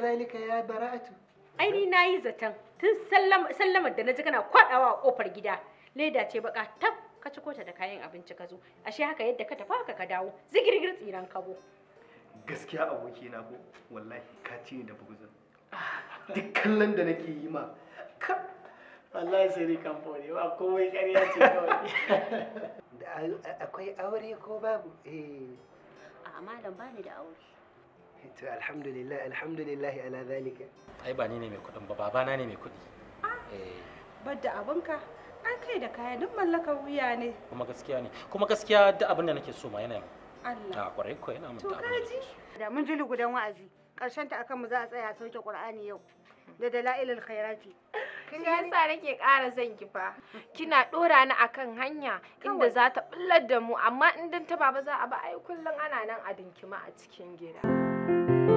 kazalika ya bara'atu aini na yi zaton tun sallamar da ji kana kwadawa a kofar gida leda ce baka tab ka ciko ta da kayan abinci ka zo ashe haka yadda ka tafi haka ka dawo zigirgir tsiran kabo gaskiya aboki na ko wallahi ka ci ni da buguzin duk kallon da nake yi ma wallahi sai ni kan fone ba komai ƙarya ce kawai akwai aure ko babu eh a malam bani da aure to alhamdulillah alhamdulillah ala zalika ai ba ni ne mai kuɗin ba babana ne mai kuɗi ah, eh badda abinka an kai da kaya duk mallakar wuya ne kuma gaskiya ne kuma gaskiya duk abin da nake so ma yana Allah a kwarai ko yana mun ta abin da mun ji lugudan wa'azi karshen ta akan mu za a tsaya sauke Qur'ani yau da dalailul khairati kin ga yasa nake ƙara zan ki fa kina dora ni akan hanya inda za ta bullar da mu amma in dan ta baba za a ba ai kullun ana nan a dinkima a cikin gida Thank you.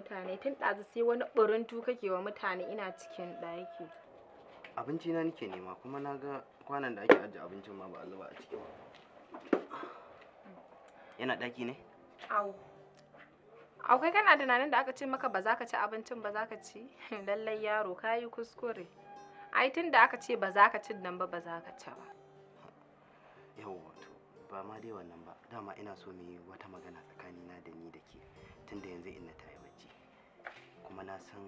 mutane tun ɗazu sai wani ɓurintu kake wa mutane ina cikin ɗaki abinci na nike nema kuma na ga kwanan da ake ajiye abincin ma ba a zuba a ciki yana ɗaki ne au akwai kana tunanin da aka ce maka ba za ka ci abincin ba za ka ci lallai yaro ka yi kuskure ai tun da aka ce ba za ka ci nan ba ba za ka ci ba yawwa to ba ma dai wannan ba dama ina so mu yi wata magana tsakanina da ni da ke da yanzu in na tayo kuma na san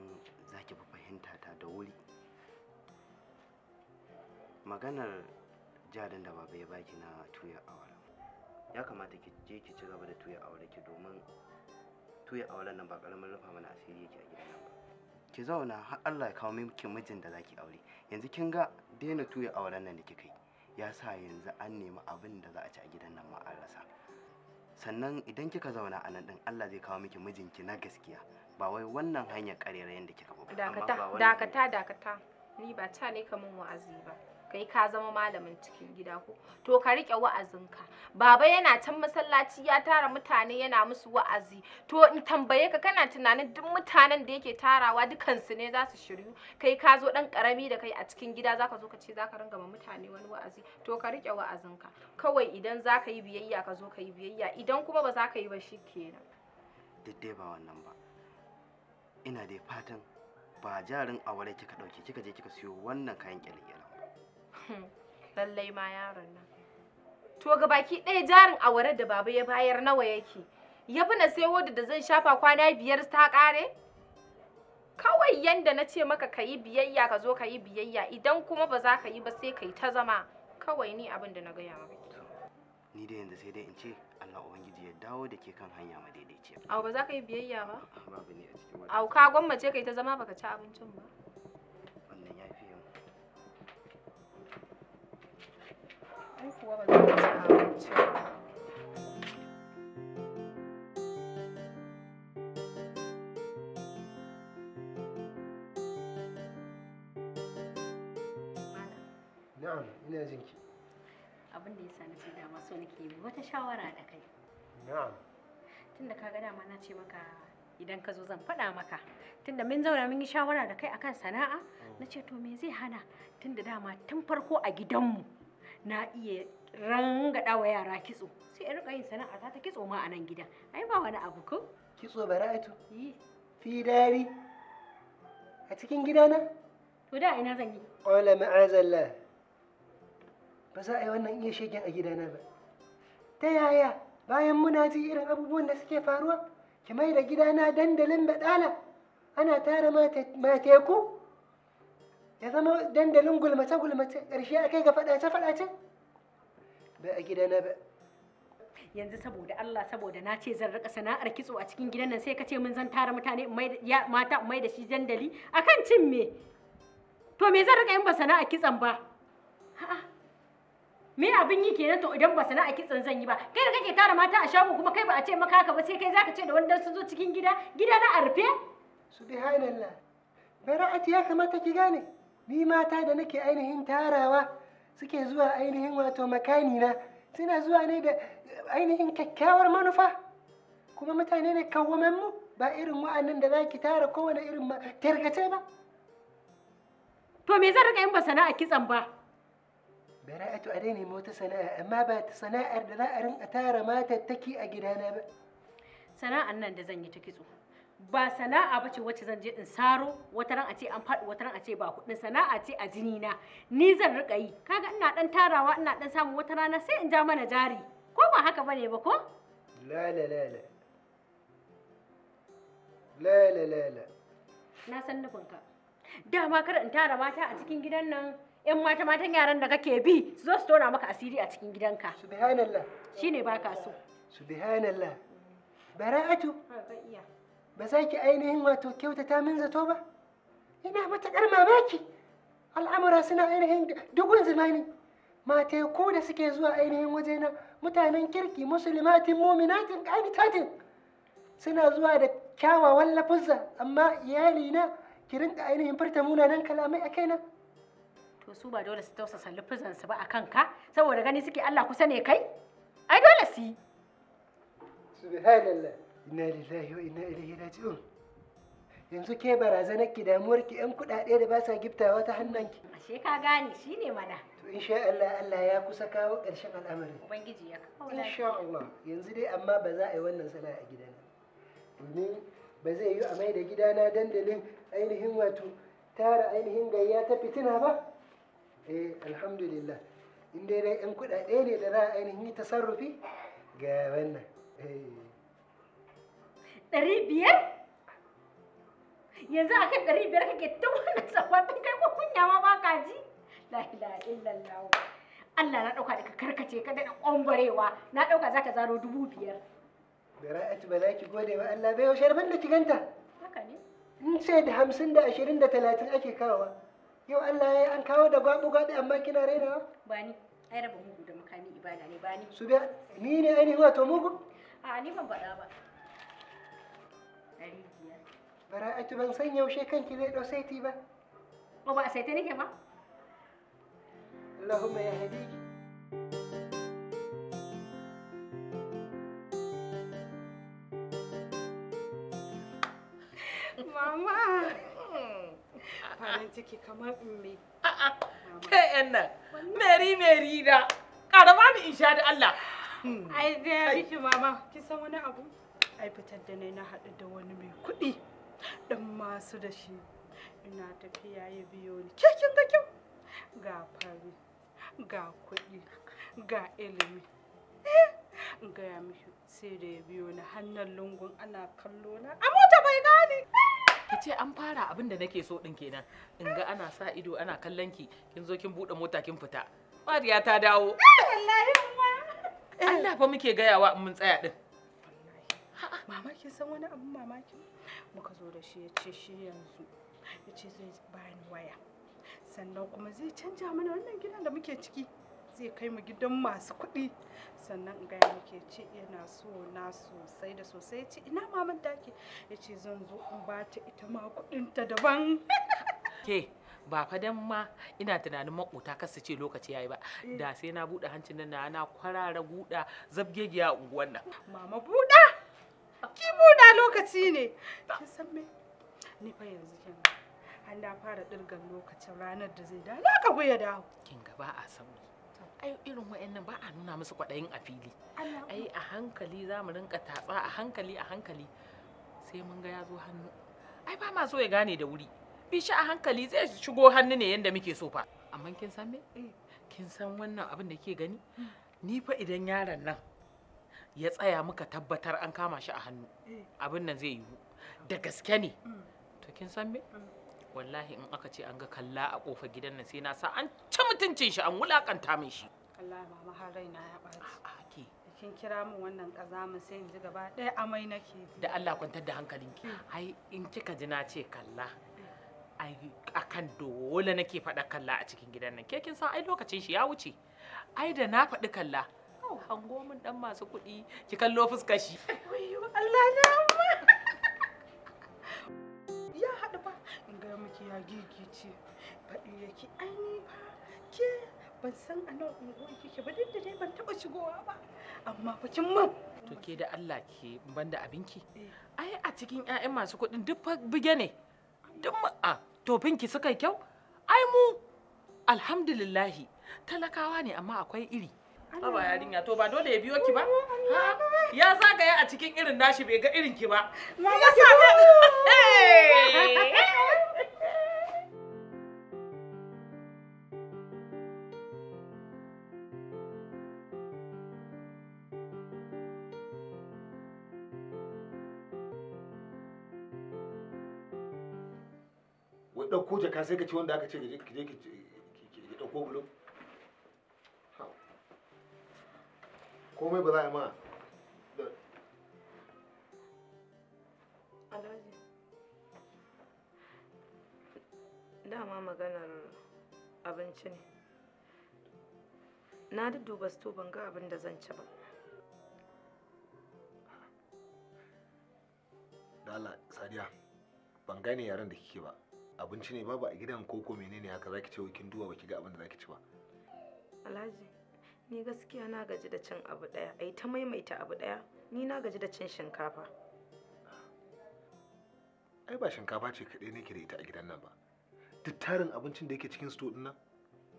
za ki fi fahimta ta da wuri maganar jarin da baba ya baki na tuya awara ya kamata ki je ki ci gaba da tuya awara ki domin tuya awara nan ba karamin rufa mana asiri yake a gidan nan ba ki zauna har Allah ya kawo miki mijin da zaki aure yanzu kin ga daina tuya auren nan da kika yi ya sa yanzu an nemi abin da za a ci a gidan nan ma an rasa sannan idan kika zauna a nan din Allah zai kawo miki mijinki na gaskiya ba wai wannan hanyar karerayen da kika ba dakata dakata dakata ni ba ta ne kaman wa'azi ba kai ka zama malamin cikin gida ko to ka rike wa'azinka baba yana can masallaci ya tara mutane yana musu wa'azi to in tambaye ka kana tunanin duk mutanen da yake tarawa dukansu ne za su shiryu kai ka zo dan karami da kai a cikin gida zaka zo ka ce zaka ringa ma mutane wani wa'azi to ka rike wa'azinka kawai idan zaka yi biyayya ka zo ka yi biyayya idan kuma ba za ka yi ba shikenan duk ba wannan ba ina dai fatan ba jarin aure kika dauke kika je kika siyo wannan kayan kyalkyalan ba hmm, lallai ma yaron nan to ga baki ɗaya jarin aure da baba ya bayar nawa yake ya fi na sayo da zan shafa kwana biyar ta ƙare kawai yanda na ce maka ka yi biyayya ka zo ka yi biyayya idan kuma ba za ka yi ba sai ka yi ta zama kawai ni abin da na gaya maka ni da yanzu sai dai in ce Allah Ubangiji ya dawo da ke kan hanya ma madaidaiciya. Au ba za ka yi biyayya ba? Babu ne a cikin wata. Au ka gwammace kai ta zama baka ci abincin ba. Wannan ya fi yau. Ai kuwa ba za ka ci abincin ba. Na'am, ina jinki. abin da ya sa na ce dama so nake yi wata shawara da kai na'am tunda kaga dama na ce maka idan ka zo zan faɗa maka tunda mun zauna mun yi shawara da kai akan sana'a oh. na ce to me zai hana tunda dama tun farko a gidanmu na iya rangada wa yara kitso sai in rika yin sana'a ta ta kitso ma a nan gidan ai ba wani abu ko kitso bara'atu eh. fi dari a cikin gidana to da ina zan yi qala ma'azallah ba za a yi wannan iya shegen a gidana ba ta yaya bayan muna ji irin abubuwan da suke faruwa ki mai da gidana dandalin baɗala ana tara mateku ya zama dandalin gulmace-gulmace ƙarshe a kai ga faɗace-faɗace ba a gidana ba yanzu saboda Allah saboda na ce zan rika sana'ar kitso a cikin gidan nan sai ka ce mun zan tara mutane mata mai da shi dandali akan cin me to me zan rika yin ba sana'ar kitson ba a'a me abin yi kenan to idan ba sana'a kitsan zan yi ba kai da kake tara mata a shago kuma kai ba a ce maka haka ba sai kai zaka ce da wanda su zo cikin gida gida na a rufe subhanallah bara'ati ya kamata ki gane ni mata da nake ainihin tarawa suke zuwa ainihin wato makani na suna zuwa ne da ainihin kyakkyawar manufa kuma mutane ne kawwamen mu ba irin wa'annan da za ki tara kowane irin tarkace ba to me zan rika yin ba sana'a kitsan ba bara'atu a dai nemi wata sana'a amma ba ta sana'ar da za a rinka tara matattaki a gidana ba sana'ar nan da zan yi ta kitso ba sana'a bace wacce zan je in saro wata ran a ce an faɗi wata ran a ce ba kuɗin sana'a ce a jini na ni zan rika yi kaga ina dan tarawa ina dan samu wata rana sai in ja mana jari ko ba haka bane ba ko la la la la la la la na san nufinka dama kar in tara mata a cikin gidan nan Ƴan mata matan yaran da kake bi su zo su tona maka asiri a cikin gidanka subhanallah shine baka so subhanallah bara'atu ba za ki ainihin wato kyautata min zato ba ina matuƙar mamaki al'amura suna ainihin dugun zamani mata ko da suke zuwa ainihin wajena mutanen kirki musulmatin muminatin qanitatin suna zuwa da kyawawan lafuzza amma iyalina ki rinka ainihin furta munanan kalamai a kaina to su ba dole su tausasa lufuzan su ba a kanka saboda gani suke Allah kusa ne kai ai dole su yi subhanallah inna lillahi wa inna ilaihi raji'un yanzu ke barazanar ki damuwar ki yan kuɗaɗe da ba sa giftawa ta hannun ki ashe ka gane shine mana to insha Allah Allah ya kusa kawo ƙarshen al'amarin ubangiji ya kawo insha Allah yanzu dai amma ba za a yi wannan sana'a a gidana domin ba zai yi a mai da gidana dandalin ainihin wato tara ainihin gayya ta fitina ba eh alhamdulillah in dai dai yan kuɗaɗe ne da za a ainihin yi tasarrufi ga wannan eh. ɗari biyar yanzu a kan ɗari biyar kake ta wannan sababbin kai ko kunya ma baka ji la ilaha illallah Allah na ɗauka daga karkace ka daɗa ƙwambarewa na ɗauka za ka zaro dubu biyar. Bara'atu ba za ki gode ba, Allah bai yaushe ban da ki ganta. Haka ne. In ce da hamsin da ashirin da talatin ake kawowa. yau Allah ya an kawo da gwabu gwabi amma kina raina ba ni ai raba mugu da makami ibada ne ba ni su biya ni ne ainihin wato mugu a ni ban faɗa ba Bara bara'atu ban san yaushe kanki zai ɗau saiti ba ba ba a saita nake ba Allahumma ya hadiki farin ciki kamar me ke yan nan meri meri da karama ni insha da Allah hmm. Hmm. ai da riki mama ki wani abu ai fitar da nai na haɗu da wani mai kuɗi dan masu da shi ina tafiya ya biyo ni ke kin ga kyau ga fari ga kuɗi ga ilimi eh, in gaya mishi sai da ya biyo ni hannun lungun ana kallo na a mota bai gane eh. ki ce an fara abin da nake so din kenan in ga ana sa ido ana kallon ki kin zo kin bude mota kin fita fariya ta dawo eh. Allah fa muke gayawa in mun tsaya din mama kin san wani abin mamaki muka zo da shi ya ce shi yanzu ya ce zai bani waya sannan kuma zai canja mana wannan gidan da muke ciki zai kai mu gidan masu kuɗi sannan in gaya muke ce yana so na sosai da sosai ce ina maman take ya ce zan zo in ba ta ita ma kuɗinta daban ke ba fa dan ma ina tunanin makota kasu ce lokaci yayi ba eh. da sai na buɗe hancin nan na kwarara guda zabgegiya a unguwan nan mama buɗa ki buɗa lokaci ne ki san me ni fa yanzu kin har na fara dirgan lokacin ranar da zai dawo na ka guya dawo kin ga a san ai irin wayannan ba a nuna musu kwaɗayin a fili ai a hankali za mu rinka tatsa a hankali a hankali sai mun ga ya hannu ai ba ma so ya gane da wuri bi shi a hankali zai shigo hannu ne yadda muke so fa amma kin san me eh. kin san wannan abin da ke gani hmm. ni fa idan yaron nan ya tsaya muka tabbatar an kama shi a hannu eh. abin nan zai yiwu da gaske ne hmm. to kin san me hmm. wallahi in aka ce an ga kalla a kofar gidan nan sai na sa an ci mutuncin shi an wulakanta min shi Allah mama har raina ya ɓaci a ke kin kira min wannan mu sai in ji gaba ɗaya amai nake da Allah kwantar da hankalinki ai in kika ji na ce kalla ai akan dole nake faɗa kalla a cikin gidan nan ke kin san ai lokacin shi ya wuce ai da na faɗi kalla oh. hango min dan masu kuɗi ki kallo fuskar shi Allah na ki ya gigice faɗi yake ai ni ba ke ban san a nan unguwar kike ba duk da dai ban taɓa shigowa ba amma fa kin mun to ke da Allah ke ban da abinki eh. ai a cikin ƴaƴan masu kuɗin duk fa buge ne duk a ki suka kyau ai mu alhamdulillahi talakawa ne amma akwai iri Baba yarinya to ba dole ya biyo ki ba? Oh, ya zagaya a cikin irin nashi bai ga irin ki ba. Ya sa sai ka ci wanda aka ce ki je ki ɗauko bulo komai ba za a yi ma alhaji dama maganar abinci ne na dudduba sto ban ga abin da zan ci ba Dala, Allah sadiya ban gane yaren da kike ba abinci ne babu a gidan koko menene haka zaki ce kin duba baki ga abin da zaki ci ba Alhaji ni gaskiya na gaji da cin abu daya ai ta maimaita abu daya ni na gaji da cin shinkafa ai ba shinkafa ce kadai nake da ita a gidan nan ba duk tarin abincin da yake cikin sto din nan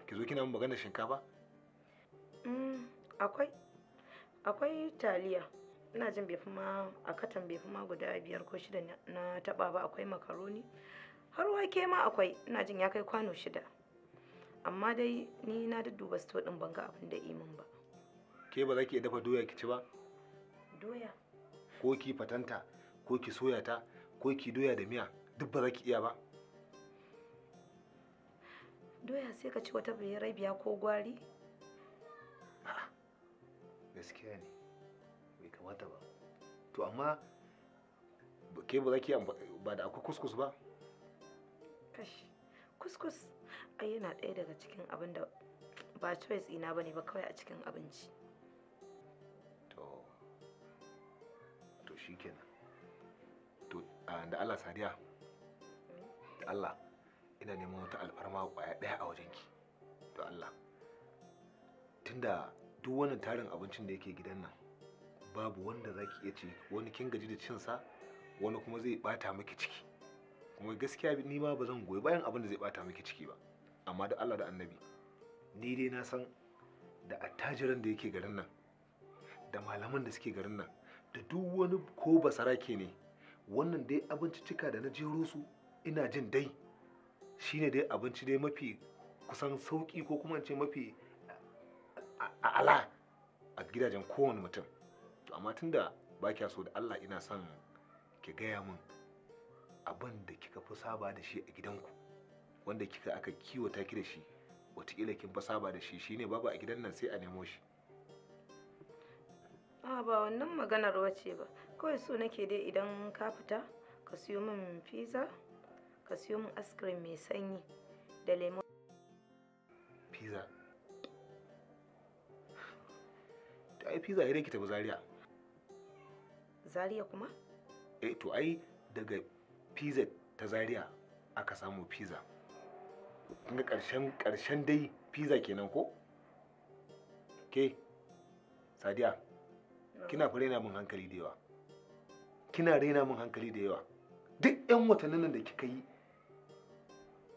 ki zo kina mun magana shinkafa mm akwai akwai taliya ina jin bai fi ma a katan bai fi ma guda biyar ko shida na taba ba akwai makaroni har ke ma akwai ina jin ya kai kwano shida amma dai ni na dudduba sto din ban ga abin da imin ba ke ba za ki dafa doya ki ci ba doya ko ki fatanta ko ki soya ta ko ki doya da miya duk ba za ki iya ba doya sai ka ci wata biya ko gwari gaskiya ne bai kamata ba to amma ke ba za ki ba da akwai kuskus ba kashi kuskus ai yana ɗaya daga cikin abin da ba choice ina bane ba kawai a cikin abinci to to shikenan to da Allah sadiya da Allah ina neman wata alfarma kwaya ɗaya a wajenki to Allah tunda duk wani tarin abincin da yake gidan nan babu wanda zaki iya ci wani kin gaji da cinsa wani kuma zai bata miki ciki kuma gaskiya ni ma ba zan goyi bayan abin da zai bata miki ciki ba amma da Allah da annabi ni dai na san da attajiran da yake garin nan da malaman da suke garin nan da duk wani ko basarake ne wannan dai abinci cika da na jero su ina jin dai shine dai abinci dai mafi kusan sauki ko kuma ce mafi ala a gidajen kowane mutum to amma tunda ba kya so da Allah ina son ki gaya mun abin da kika fi saba da shi a gidanku wanda kika aka kiwata ki da shi watakila kin fi saba da shi shine babu a gidan nan sai a nemo shi a ba wannan maganar wace ba kawai so nake dai idan ka fita ka siyo min pizza ka siyo min ice cream mai sanyi da lemon pizza da ai pizza ya ki tafi zaria zaria kuma eh to ai daga pz ta zaria aka samu pizza kinga karshen karshen dai pizza kenan ko ke sadiya kina fa raina min hankali da yawa kina raina min hankali da yawa duk yan watannin da kika yi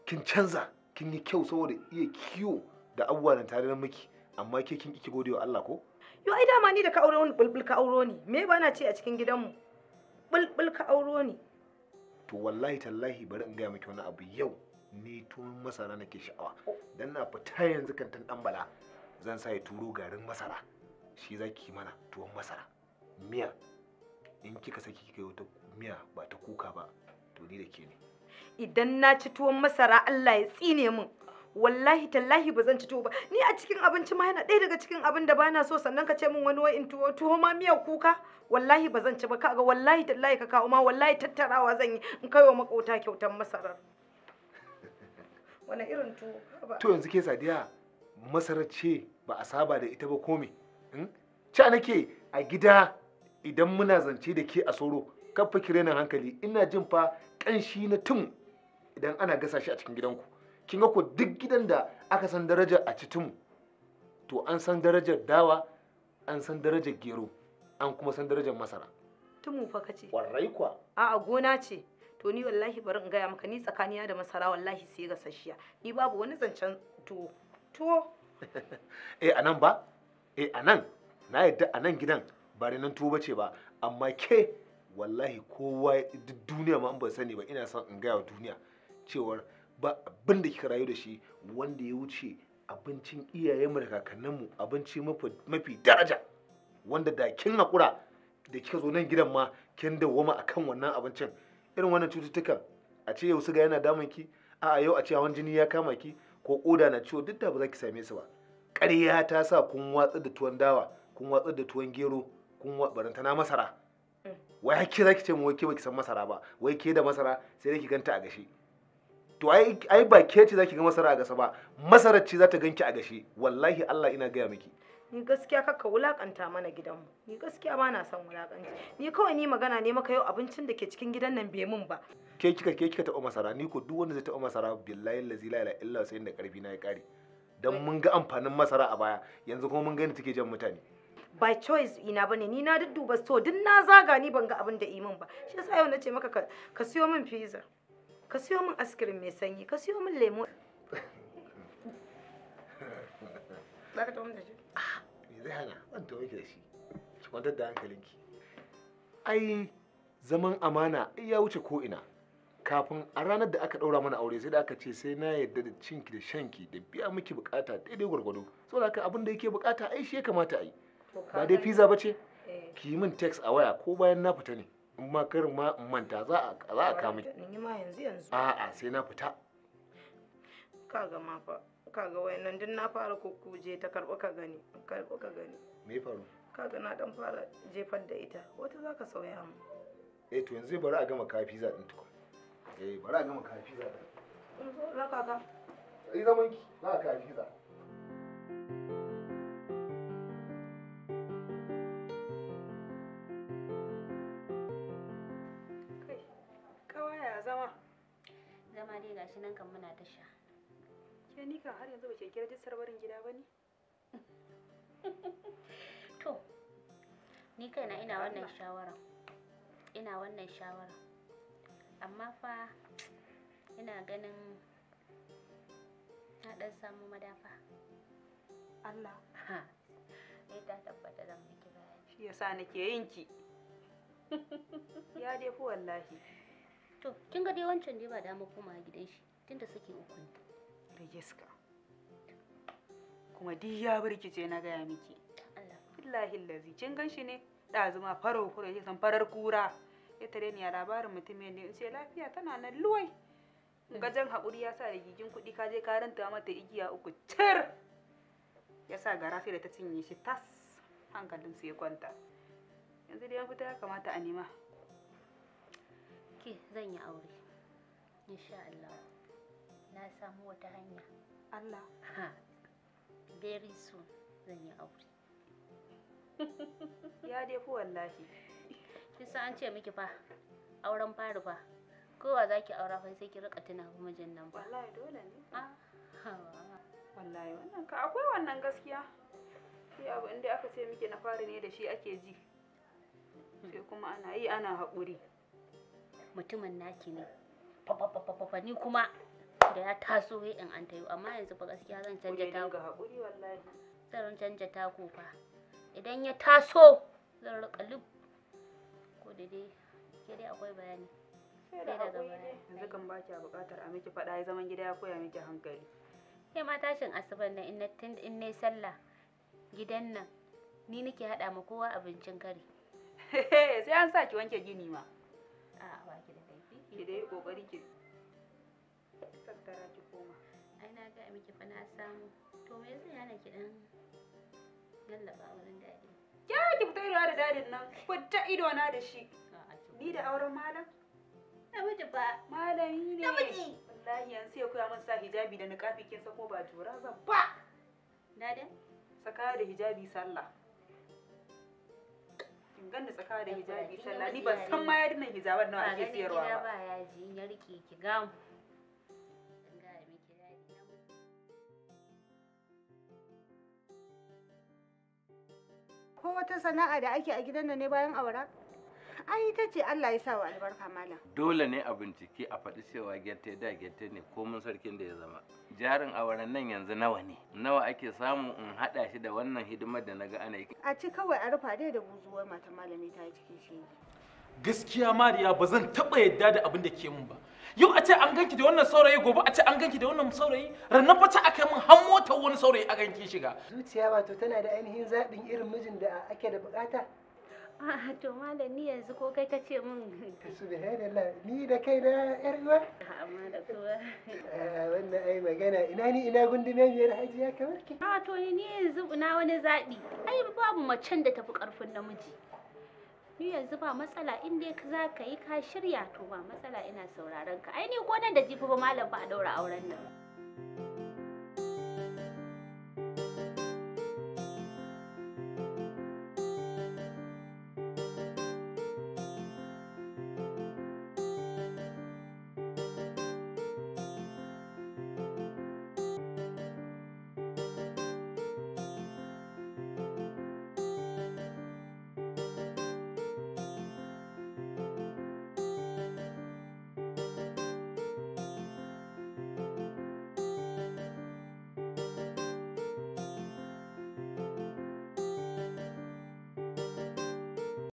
kin canza kin yi kyau saboda iya kiwo da abubuwa da tare miki amma ke kin kike godewa Allah ko yo ai dama ni da ka aure ni bulbul ka auro ni me ba na ce a cikin gidanmu bulbul ka auro ni to wallahi tallahi bari in gaya miki wani abu yau ni tuwon masara nake sha'awa dan na fita yanzu kantin dan bala zan sa ya turo garin masara shi zaki mana tuwon masara miya in kika saki kika yi wata miya ba ta kuka ba to ni da ke ne idan na ci tuwon masara Allah ya tsine min wallahi tallahi ba zan ci tuwo ba ni a cikin abinci ma yana ɗaya daga cikin abin da bana so sannan ka ce min wani wa'in tuwo tuwo ma miyar kuka wallahi ba zan ci ba kaga wallahi tallahi ka kawo ma wallahi tattarawa zan yi in kai wa makota kyautar masarar wani irin tuwo to yanzu ke sadiya masarar ce ba a saba da ita ba komi hmm? ca nake a gida idan muna zance da ke a soro kafa kirenan hankali ina jin fa ƙanshi na tun idan ana gasa shi a cikin gidanku kin ga ko duk gidan da aka san darajar a citinmu to an san darajar dawa an san darajar gero an kuma san darajar masara tumu fa kace warai kwa a'a gona ce to ni wallahi bari in gaya maka ni tsakaniya da masara wallahi sai ga sashiya ni babu wani zancen tuwo tuwo eh anan ba eh anan na yadda anan gidan ba nan tuwo bace ba amma ke wallahi kowa duk duniya ma an ban sani ba ina son in gaya wa duniya cewar ba abin da kika rayu da shi wanda ya wuce abincin mu da kakanninmu abinci mafi daraja wanda da kin haƙura da kika zo nan gidan ma kin dawwama akan wannan abincin irin wannan cututtukan a ce yau suga yana damun ki a yau a ce hawan jini ya kama ki ko koda na ciwo duk da ba za ki same su ba ƙarya ta sa kun watsar da tuwon dawa kun watsar da tuwon gero kun baranta na masara mm. wai ke za ki ce mu wai ke ba ki san masara ba wai ke da masara sai dai ki ganta a gashi to ai ba ke ce ki ga masara a gasa ba masarar ce za ta ganki a gashi wallahi Allah ina gaya miki ni gaskiya kakka wulakanta mana gidanmu ni gaskiya ba na son wulakanci ni kawai ni magana ne maka yau abincin da ke cikin gidan nan bai mun ba ke kika ke kika taɓa masara ni ko duk wanda zai taɓa masara billahi lazi la illa sai da karfi na ya kare dan mun ga amfanin masara a baya yanzu kuma mun ga take jan mutane by choice ina bane ni na dudduba so duk na zaga ni ban ga abin da imin ba shi yasa yau nace maka ka siyo min pizza ka siyo min askirin mai sanyi ka siyo min lemo ai zaman amana ya wuce ko'ina, kafin a ranar da aka ɗaura mana aure sai da aka ce sai na yarda da cinki da shanki da biya miki bukata daidai gwargwado saboda haka abin da yake bukata ai shi ya kamata a yi ba dai pizza ba ce eh. ki yi min text a waya ko bayan na fita ne ma karin ma manta za a za a kama ki ni ma yanzu yanzu a'a sai na fita kaga ma fa kaga wayannan din na fara kukkuje ta karbi ka gani karbi ka gani me faru kaga na dan fara jefar da ita wata zaka sauya mu eh to yanzu bari a gama kafi za din tukun eh bari a gama kafi za din zo za ka ga zaman ki za ka kafi za gashi nan kan muna ta sha ke ni kan har yanzu ba ke kira jisar barin gida ba ne to ni kaina ina wannan shawara ina wannan shawara amma fa ina ganin na dan samu madafa Allah ha ne ta tabbata zan miki bayani shi yasa nake yin ki ya dai fi wallahi to kin ga dai wancan dai ba dama koma gidan shi tunda suke uku ne rigiska kuma duk ya birkice na gaya miki billahi lazi kin gan shi ne da zuma faro kura yake san farar kura ya tare ni a labarin mutumin ne in ce lafiya tana nan luwai gajen haƙuri ya sa da gigin kuɗi ka je ka ranta mata igiya uku cir ya sa gara sai da ta cinye shi tas hankalinsu ya kwanta yanzu dai an fita ya kamata a nema ciki zan yi aure insha Allah na samu wata hanya Allah ha very soon zan yi aure ya dai fi wallahi kin san an ce miki fa auren fari fa kowa zaki aura fa sai ki rika tuna mijin nan ba wallahi dole ne ah, wallahi wannan ka akwai wannan gaskiya shi abu inda aka ce miki na fari ne da shi ake ji hmm. sai kuma ana yi ana haƙuri mutumin naki ne fa ni kuma da ya taso ya in an tayo amma yanzu fa gaskiya zan canja taku zan canja taku fa idan ya taso zan rika lub ko da dai ke dai akwai bayani sai daga baya yanzu kan ba kya buƙatar a miki faɗa ya zaman gida ya koya miki hankali kai ma tashin asuban nan in na in nayi sallah gidan nan ni nake haɗa ma kowa abincin kare sai an sa ki wanke gini ma A'a ba ki da laifi ki dai kokari ki tattara ki koma ai na ga miki fa na samu to me yasa yana ki dan lallaba wurin dadi ya ki fita ido da dadin nan fita ido na da shi ni da auren malam namiji ba malami ne namiji wallahi an sai koya min hijabi da niqabi kin san ko ba jura ba ba dadin saka da hijabi sallah kin tsakanin da hijabi sallah ni ban san ma yadin nan hijaban nawa ake sayarwa ba ba yaji ya rike ki gamu ko wata sana'a da ake a gidan nan ne bayan awara? ai ta ce Allah ya sa wa albarka malam dole ne a bincike a faɗi cewa gerte da gerte ne ko mun sarkin da ya zama jarin auren nan yanzu nawa ne nawa ake samu in haɗa shi da wannan hidimar da naga ana yi a ci kawai a rufa dai da buzuwar mata malami ta yi cikin shi gaskiya mariya ba zan taɓa yadda da abin da ke mun ba yau a ce an ganki da wannan saurayi gobe a ce an ganki da wannan saurayi rannan fata aka yi min har motar wani saurayi a ganki shiga zuciya wato tana da ainihin zaɓin irin mijin da ake da bukata A'a ah, to malam ni yanzu ko kai ka ce min. Subhanallah ni da kai na yar uwa. Ah, amma da kowa. Eh, wannan ai magana ina ni ina gundume biyar hajiya kamar ki. A ah, to ni yanzu na wani zaɓi. Ai babu macen da tafi ƙarfin namiji. Ni yanzu ba matsala in dai za ka yi ka shirya to ba matsala ina sauraron ka. Ai ni gonan da jifi ba malam ba a ɗaura auren nan.